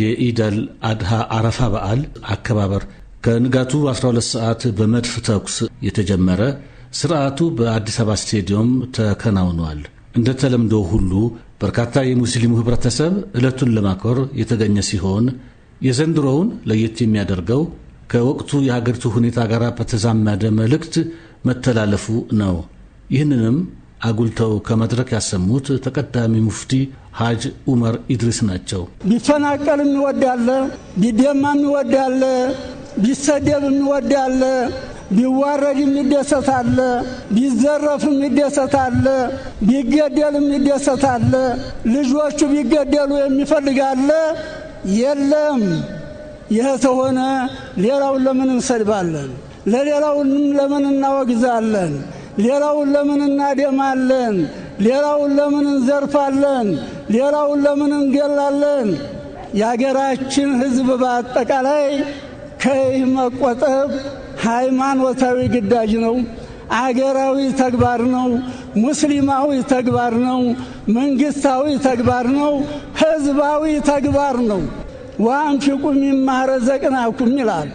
የኢዳል አድሃ አረፋ በዓል አከባበር ከንጋቱ 12 ሰዓት በመድፍ ተኩስ የተጀመረ ስርዓቱ በአዲስ አበባ ስቴዲየም ተከናውኗል። እንደ ተለምዶ ሁሉ በርካታ የሙስሊሙ ህብረተሰብ ዕለቱን ለማክበር የተገኘ ሲሆን የዘንድሮውን ለየት የሚያደርገው ከወቅቱ የሀገሪቱ ሁኔታ ጋር በተዛመደ መልእክት መተላለፉ ነው። ይህንንም አጉልተው ከመድረክ ያሰሙት ተቀዳሚ ሙፍቲ ሀጅ ኡመር ኢድሪስ ናቸው። ቢፈናቀል የሚወዳለ፣ ቢደማ የሚወዳለ፣ ቢሰደብ የሚወዳለ፣ ቢዋረድ የሚደሰታለ፣ ቢዘረፍ የሚደሰታለ፣ ቢገደል የሚደሰታለ፣ ልጆቹ ቢገደሉ የሚፈልጋለ የለም። ይህ ተሆነ ሌላውን ለምን እንሰድባለን? ለሌላውንም ለምን እናወግዛለን? ሌላውን ለምን እናደማለን? ሌላውን ለምን እንዘርፋለን? ሌላውን ለምን እንገላለን? የአገራችን ሕዝብ በአጠቃላይ ከይህ መቆጠብ ሃይማኖታዊ ግዳጅ ነው። አገራዊ ተግባር ነው። ሙስሊማዊ ተግባር ነው። መንግስታዊ ተግባር ነው። ህዝባዊ ተግባር ነው። ዋንፊቁ ሚማ ይላል።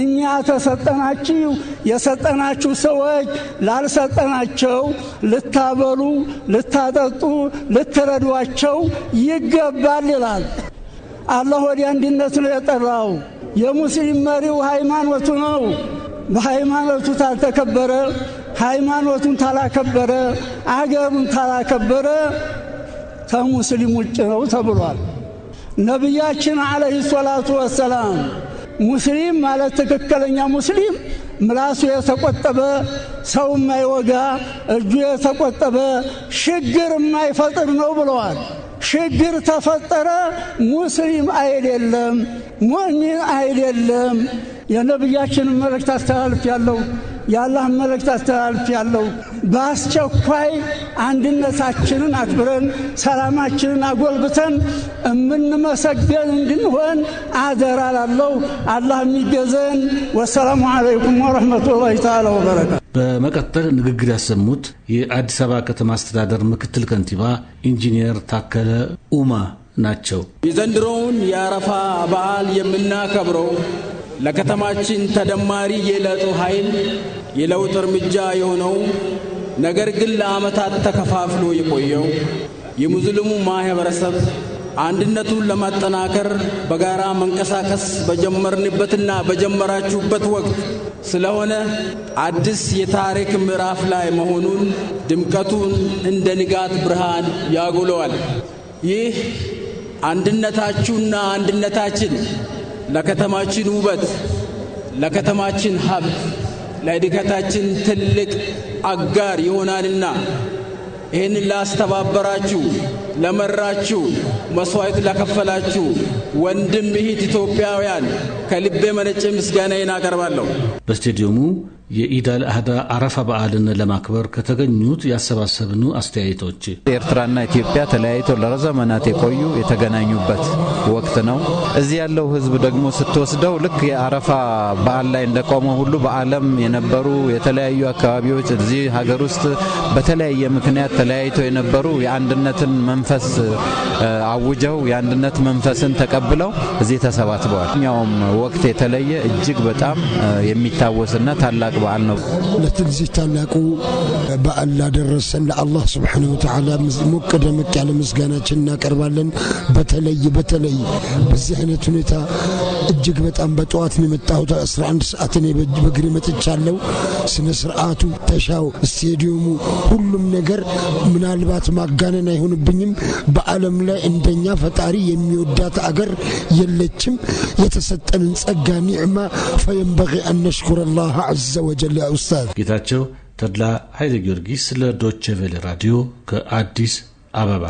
እኛ ተሰጠናችሁ የሰጠናችሁ ሰዎች ላልሰጠናቸው ልታበሉ፣ ልታጠጡ፣ ልትረዷቸው ይገባል ይላል። አላህ ወደ አንድነት ነው የጠራው። የሙስሊም መሪው ሃይማኖቱ ነው። በሃይማኖቱ ታልተከበረ ሃይማኖቱን ታላከበረ አገሩን ታላከበረ ከሙስሊም ውጭ ነው ተብሏል። ነቢያችን ዓለይሂ ሰላቱ ወሰላም ሙስሊም ማለት ትክክለኛ ሙስሊም ምላሱ የተቆጠበ ሰው የማይወጋ እጁ የተቆጠበ ሽግር የማይፈጥር ነው ብለዋል። ሽግር ተፈጠረ ሙስሊም አይደለም፣ ሙእሚን አይደለም። የነቢያችንን መልእክት አስተላልፍ ያለው የአላህ መልእክት አስተላልፍ ያለው በአስቸኳይ አንድነታችንን አክብረን ሰላማችንን አጎልብተን የምንመሰገን እንድንሆን አደራ ላለው አላህ የሚገዘን። ወሰላሙ አለይኩም ወረሕመቱላሂ ተዓላ ወበረካቱ። በመቀጠል ንግግር ያሰሙት የአዲስ አበባ ከተማ አስተዳደር ምክትል ከንቲባ ኢንጂነር ታከለ ኡማ ናቸው። የዘንድሮውን የአረፋ በዓል የምናከብረው ለከተማችን ተደማሪ የለውጥ ኃይል የለውጥ እርምጃ የሆነው ነገር ግን ለዓመታት ተከፋፍሎ የቆየው የሙስሊሙ ማህበረሰብ አንድነቱን ለማጠናከር በጋራ መንቀሳቀስ በጀመርንበትና በጀመራችሁበት ወቅት ስለሆነ አዲስ የታሪክ ምዕራፍ ላይ መሆኑን ድምቀቱን እንደ ንጋት ብርሃን ያጎለዋል። ይህ አንድነታችሁና አንድነታችን ለከተማችን ውበት፣ ለከተማችን ሀብት፣ ለእድገታችን ትልቅ አጋር ይሆናልና ይህንን ላስተባበራችሁ ለመራችሁ፣ መስዋዕት ላከፈላችሁ ወንድም እህት ኢትዮጵያውያን ከልቤ መነጭ ምስጋናዬን አቀርባለሁ። በስቴዲየሙ የኢዳል አህዳ አረፋ በዓልን ለማክበር ከተገኙት ያሰባሰብኑ አስተያየቶች ኤርትራና ኢትዮጵያ ተለያይተው ለዘመናት የቆዩ የተገናኙበት ወቅት ነው። እዚህ ያለው ሕዝብ ደግሞ ስትወስደው ልክ የአረፋ በዓል ላይ እንደቆመ ሁሉ በዓለም የነበሩ የተለያዩ አካባቢዎች እዚህ ሀገር ውስጥ በተለያየ ምክንያት ተለያይተው የነበሩ የአንድነትን መንፈስ አውጀው የአንድነት መንፈስን ተቀብለው እዚህ ተሰባስበዋል። እኛውም ወቅት የተለየ እጅግ በጣም የሚታወስና ታላቅ በዓል ነው። ነቲ ታላቁ በዓል ላደረሰን ለአላህ ስብሓነ ወተዓላ ሞቅ ደመቅ ያለ ምስጋናችን እናቀርባለን። በተለይ በተለይ በዚህ አይነት ሁኔታ እጅግ በጣም በጠዋት ነው የመጣሁት። 11 ሰዓት እኔ በእግሬ መጥቻለሁ። ስነ ስርዓቱ፣ ተሻው፣ ስቴዲየሙ፣ ሁሉም ነገር ምናልባት ማጋነን አይሆንብኝም። በዓለም ላይ እንደኛ ፈጣሪ የሚወዳት አገር የለችም። የተሰጠንን ጸጋ ኒዕማ ፈየንበቂ አነሽኩረ ላህ አዘ ወጀል። ኡስታዝ ጌታቸው ተድላ ኃይለ ጊዮርጊስ ለዶቼ ቬለ ራዲዮ ከአዲስ አበባ